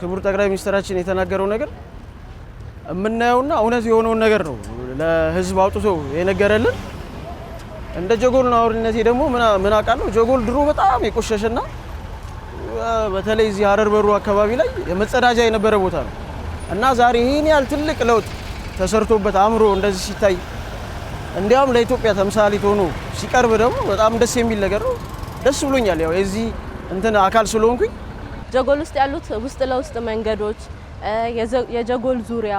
ክቡር ጠቅላይ ሚኒስትራችን የተናገረው ነገር የምናየውና እውነት የሆነውን ነገር ነው ለህዝብ አውጥቶ የነገረልን። እንደ ጀጎል ነዋሪነቴ ደግሞ ምን አውቃለሁ፣ ጀጎል ድሮ በጣም የቆሸሸና በተለይ እዚህ ሀረር በሩ አካባቢ ላይ የመጸዳጃ የነበረ ቦታ ነው እና ዛሬ ይህን ያህል ትልቅ ለውጥ ተሰርቶበት አእምሮ እንደዚህ ሲታይ እንዲያውም ለኢትዮጵያ ተምሳሌት ሆኖ ሲቀርብ ደግሞ በጣም ደስ የሚል ነገር ነው። ደስ ብሎኛል። ያው የዚህ እንትን አካል ስለሆንኩኝ ጀጎል ውስጥ ያሉት ውስጥ ለውስጥ መንገዶች፣ የጀጎል ዙሪያ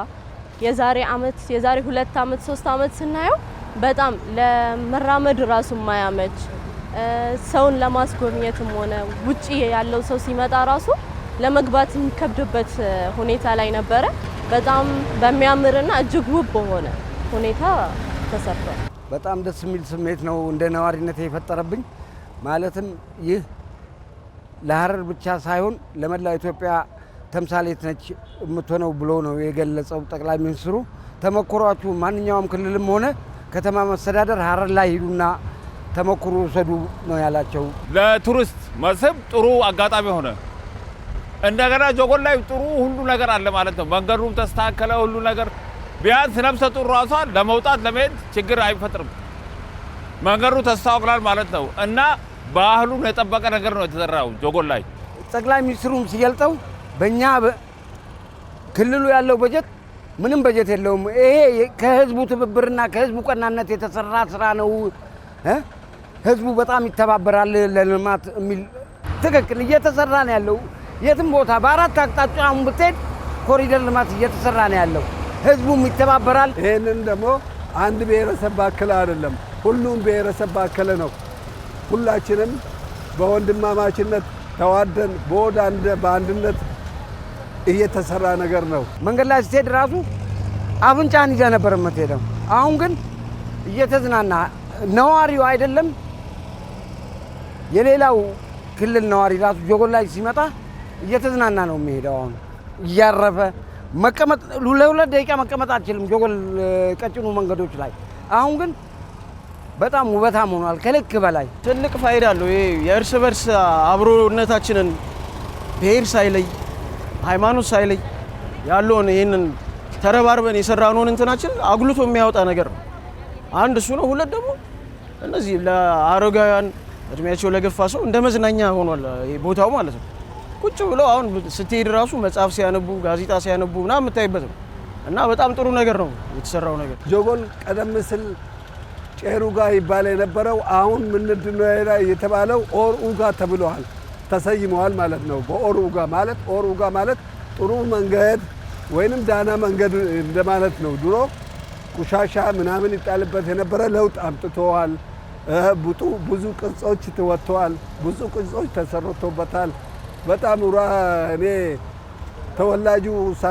የዛሬ አመት የዛሬ ሁለት አመት ሶስት አመት ስናየው በጣም ለመራመድ ራሱ ማያመች ሰውን ለማስጎብኘትም ሆነ ውጪ ያለው ሰው ሲመጣ ራሱ ለመግባት የሚከብድበት ሁኔታ ላይ ነበረ። በጣም በሚያምርና እጅግ ውብ በሆነ ሁኔታ ተሰርቷል። በጣም ደስ የሚል ስሜት ነው እንደ ነዋሪነት የፈጠረብኝ ማለትም ይህ ለሀረር ብቻ ሳይሆን ለመላ ኢትዮጵያ ተምሳሌት ነች የምትሆነው ብሎ ነው የገለጸው ጠቅላይ ሚኒስትሩ። ተሞክሯችሁ ማንኛውም ክልልም ሆነ ከተማ መስተዳደር ሀረር ላይ ሂዱና ተሞክሮ ውሰዱ ነው ያላቸው። ለቱሪስት መስህብ ጥሩ አጋጣሚ ሆነ። እንደገና ጆጎል ላይ ጥሩ ሁሉ ነገር አለ ማለት ነው። መንገዱም ተስተካከለ፣ ሁሉ ነገር ቢያንስ ነፍሰ ጡር ራሷን ለመውጣት ለመሄድ ችግር አይፈጥርም። መንገዱ ተስተካክሏል ማለት ነው እና ባህሉን የጠበቀ ነገር ነው የተሰራው ጆጎል ላይ። ጠቅላይ ሚኒስትሩም ሲገልጠው በእኛ ክልሉ ያለው በጀት ምንም በጀት የለውም። ይሄ ከህዝቡ ትብብርና ከህዝቡ ቀናነት የተሰራ ስራ ነው። ህዝቡ በጣም ይተባበራል ለልማት የሚል ትክክል እየተሰራ ነው ያለው። የትም ቦታ በአራት አቅጣጫ አሁን ብትሄድ ኮሪደር ልማት እየተሰራ ነው ያለው። ህዝቡም ይተባበራል። ይህንን ደግሞ አንድ ብሔረሰብ ባከለ አይደለም፣ ሁሉም ብሔረሰብ ባከለ ነው። ሁላችንም በወንድማማችነት ተዋደን በወዳንደ በአንድነት እየተሰራ ነገር ነው። መንገድ ላይ ስትሄድ ራሱ አፍንጫን ይዘ ነበር የምትሄደው። አሁን ግን እየተዝናና ነዋሪው አይደለም የሌላው ክልል ነዋሪ ራሱ ጆጎል ላይ ሲመጣ እየተዝናና ነው የሚሄደው። አሁን እያረፈ መቀመጥ ለሁለት ደቂቃ መቀመጥ አልችልም ጆጎል ቀጭኑ መንገዶች ላይ አሁን ግን በጣም ውበታም ሆኗል ከልክ በላይ ትልቅ ፋይዳ አለው። ይሄ የእርስ በርስ አብሮነታችንን ብሔር ሳይለይ ሃይማኖት ሳይለይ ያለውን ይህንን ተረባርበን የሰራነውን እንትናችን አጉልቶ የሚያወጣ ነገር ነው። አንድ እሱ ነው። ሁለት ደግሞ እነዚህ ለአረጋውያን እድሜያቸው ለገፋ ሰው እንደ መዝናኛ ሆኗል ቦታው ማለት ነው። ቁጭ ብለው አሁን ስትሄድ ራሱ መጽሐፍ ሲያነቡ ጋዜጣ ሲያነቡ ምናምን የምታይበት ነው እና በጣም ጥሩ ነገር ነው የተሰራው ነገር ጆጎል ቀደም ስል ቄሩጋ ይባል የነበረው አሁን ምንድነው የተባለው ኦር ኡጋ ተብለዋል ተሰይመዋል ማለት ነው። በኦር ኡጋ ማለት ኦር ኡጋ ማለት ጥሩ መንገድ ወይንም ዳና መንገድ እንደማለት ነው። ድሮ ቁሻሻ ምናምን ይጣልበት የነበረ ለውጥ አምጥተዋል። ብዙ ቅርጾች ተወጥተዋል። ብዙ ቅርጾች ተሰርቶበታል። በጣም እኔ ተወላጁ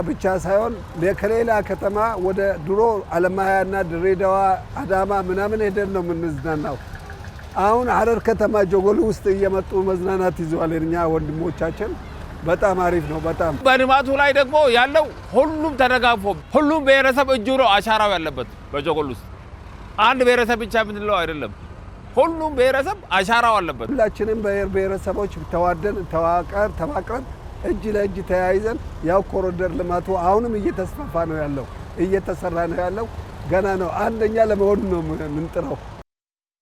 ብቻ ሳይሆን ከሌላ ከተማ ወደ ድሮ አለማያና ድሬዳዋ፣ አዳማ ምናምን ሄደን ነው የምንዝናናው። አሁን ሀረር ከተማ ጆጎል ውስጥ እየመጡ መዝናናት ይዘዋል እኛ ወንድሞቻችን። በጣም አሪፍ ነው። በጣም በልማቱ ላይ ደግሞ ያለው ሁሉም ተደጋግፎ ሁሉም ብሔረሰብ እጁ ነው አሻራው ያለበት በጆጎል ውስጥ አንድ ብሔረሰብ ብቻ የምንለው አይደለም። ሁሉም ብሔረሰብ አሻራው አለበት። ሁላችንም ብሔረሰቦች ተዋደን ተዋቀር ተማቅረን እጅ ለእጅ ተያይዘን ያው ኮሪደር ልማቱ አሁንም እየተስፋፋ ነው ያለው፣ እየተሰራ ነው ያለው። ገና ነው። አንደኛ ለመሆን ነው የምንጥረው።